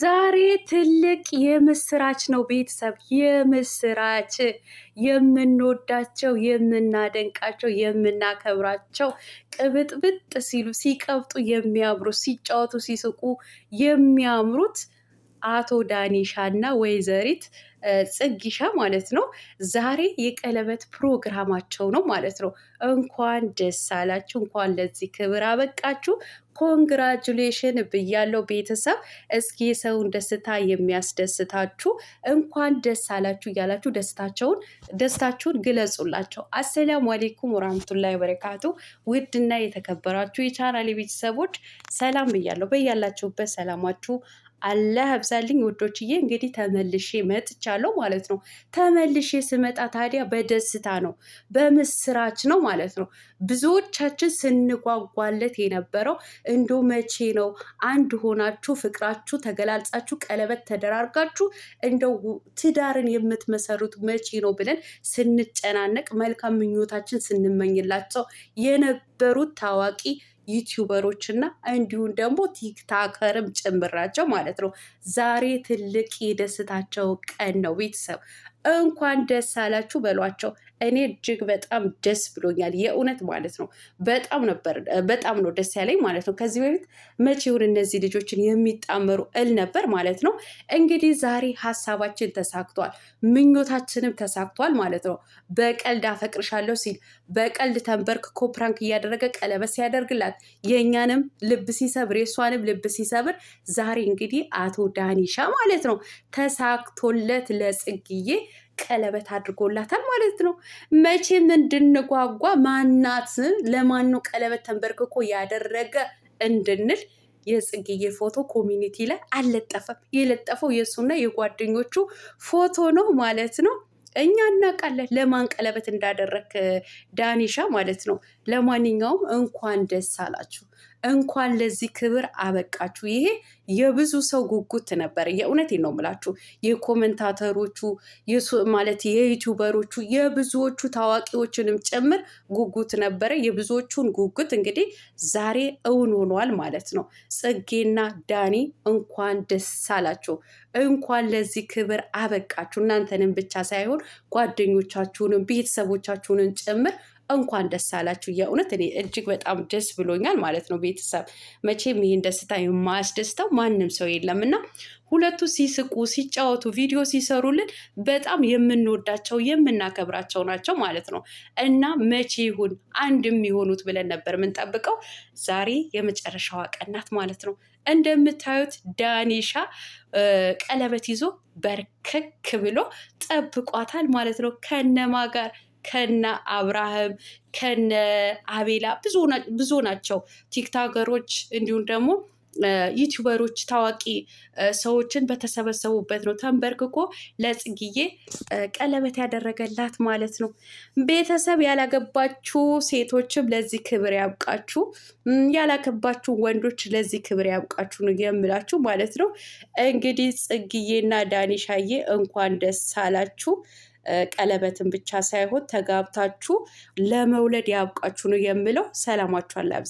ዛሬ ትልቅ የምስራች ነው ቤተሰብ፣ የምስራች የምንወዳቸው የምናደንቃቸው የምናከብራቸው ቅብጥብጥ ሲሉ ሲቀብጡ የሚያምሩት ሲጫወቱ ሲስቁ የሚያምሩት አቶ ዳኒሻ እና ወይዘሪት ጽጊሻ ማለት ነው። ዛሬ የቀለበት ፕሮግራማቸው ነው ማለት ነው። እንኳን ደስ አላችሁ፣ እንኳን ለዚህ ክብር አበቃችሁ። ኮንግራጁሌሽን ብያለው ቤተሰብ። እስኪ የሰውን ደስታ የሚያስደስታችሁ እንኳን ደስ አላችሁ እያላችሁ ደስታቸውን ደስታችሁን ግለጹላቸው። አሰላሙ አሌይኩም ወራህመቱላሂ ወበረካቱ። ውድና የተከበራችሁ የቻናሌ ቤተሰቦች ሰላም ብያለሁ። በያላችሁበት ሰላማችሁ አላህ ያብዛልኝ ውዶችዬ። እንግዲህ ተመልሼ መጥቻለሁ ማለት ነው። ተመልሼ ስመጣ ታዲያ በደስታ ነው፣ በምስራች ነው ማለት ነው። ብዙዎቻችን ስንጓጓለት የነበረው እንዶ መቼ ነው አንድ ሆናችሁ ፍቅራችሁ ተገላልጻችሁ ቀለበት ተደራርጋችሁ እንደው ትዳርን የምትመሰሩት መቼ ነው ብለን ስንጨናነቅ መልካም ምኞታችን ስንመኝላቸው የነ የነበሩት ታዋቂ ዩቲዩበሮች እና እንዲሁም ደግሞ ቲክታከርም ጭምራቸው ማለት ነው። ዛሬ ትልቅ የደስታቸው ቀን ነው ቤተሰብ እንኳን ደስ አላችሁ በሏቸው። እኔ እጅግ በጣም ደስ ብሎኛል፣ የእውነት ማለት ነው። በጣም ነበር በጣም ነው ደስ ያለኝ ማለት ነው። ከዚህ በፊት መቼውን እነዚህ ልጆችን የሚጣመሩ እል ነበር ማለት ነው። እንግዲህ ዛሬ ሀሳባችን ተሳክቷል፣ ምኞታችንም ተሳክቷል ማለት ነው። በቀልድ አፈቅርሻለሁ ሲል በቀልድ ተንበርክኮ ፕራንክ እያደረገ ቀለበት ሲያደርግላት የእኛንም ልብ ሲሰብር የእሷንም ልብ ሲሰብር ዛሬ እንግዲህ አቶ ዳኒሻ ማለት ነው ተሳክቶለት ለጽግዬ ቀለበት አድርጎላታል ማለት ነው። መቼም እንድንጓጓ ማናት ለማኑ ቀለበት ተንበርክኮ ያደረገ እንድንል የጽጌዬ ፎቶ ኮሚኒቲ ላይ አልለጠፈም። የለጠፈው የእሱና የጓደኞቹ ፎቶ ነው ማለት ነው። እኛ እናውቃለን ለማን ቀለበት እንዳደረክ ዳኒሻ ማለት ነው። ለማንኛውም እንኳን ደስ አላችሁ። እንኳን ለዚህ ክብር አበቃችሁ። ይሄ የብዙ ሰው ጉጉት ነበር። የእውነቴ ነው የምላችሁ የኮመንታተሮቹ ማለት የዩቱበሮቹ የብዙዎቹ ታዋቂዎችንም ጭምር ጉጉት ነበረ። የብዙዎቹን ጉጉት እንግዲህ ዛሬ እውን ሆኗል ማለት ነው። ጽጌና ዳኒ እንኳን ደስ አላችሁ፣ እንኳን ለዚህ ክብር አበቃችሁ። እናንተንም ብቻ ሳይሆን ጓደኞቻችሁንም ቤተሰቦቻችሁንም ጭምር እንኳን ደስ አላችሁ። የእውነት እኔ እጅግ በጣም ደስ ብሎኛል ማለት ነው። ቤተሰብ መቼም ይህን ደስታ የማያስደስተው ማንም ሰው የለም እና ሁለቱ ሲስቁ ሲጫወቱ ቪዲዮ ሲሰሩልን በጣም የምንወዳቸው የምናከብራቸው ናቸው ማለት ነው እና መቼ ይሁን አንድ የሚሆኑት ብለን ነበር የምንጠብቀው። ዛሬ የመጨረሻዋ ቀናት ማለት ነው። እንደምታዩት ዳኒሻ ቀለበት ይዞ በርከክ ብሎ ጠብቋታል ማለት ነው ከነማ ጋር ከነ አብርሃም ከነ አቤላ ብዙ ናቸው ቲክታገሮች እንዲሁም ደግሞ ዩቲዩበሮች ታዋቂ ሰዎችን በተሰበሰቡበት ነው ተንበርክኮ ለጽጌዬ ቀለበት ያደረገላት ማለት ነው። ቤተሰብ ያላገባችሁ ሴቶችም ለዚህ ክብር ያብቃችሁ፣ ያላገባችሁ ወንዶች ለዚህ ክብር ያብቃችሁ ነው የምላችሁ ማለት ነው። እንግዲህ ጽግዬና ዳኒሻዬ እንኳን ደስ አላችሁ። ቀለበትን ብቻ ሳይሆን ተጋብታችሁ ለመውለድ ያብቃችሁ ነው የምለው። ሰላማችሁ አላ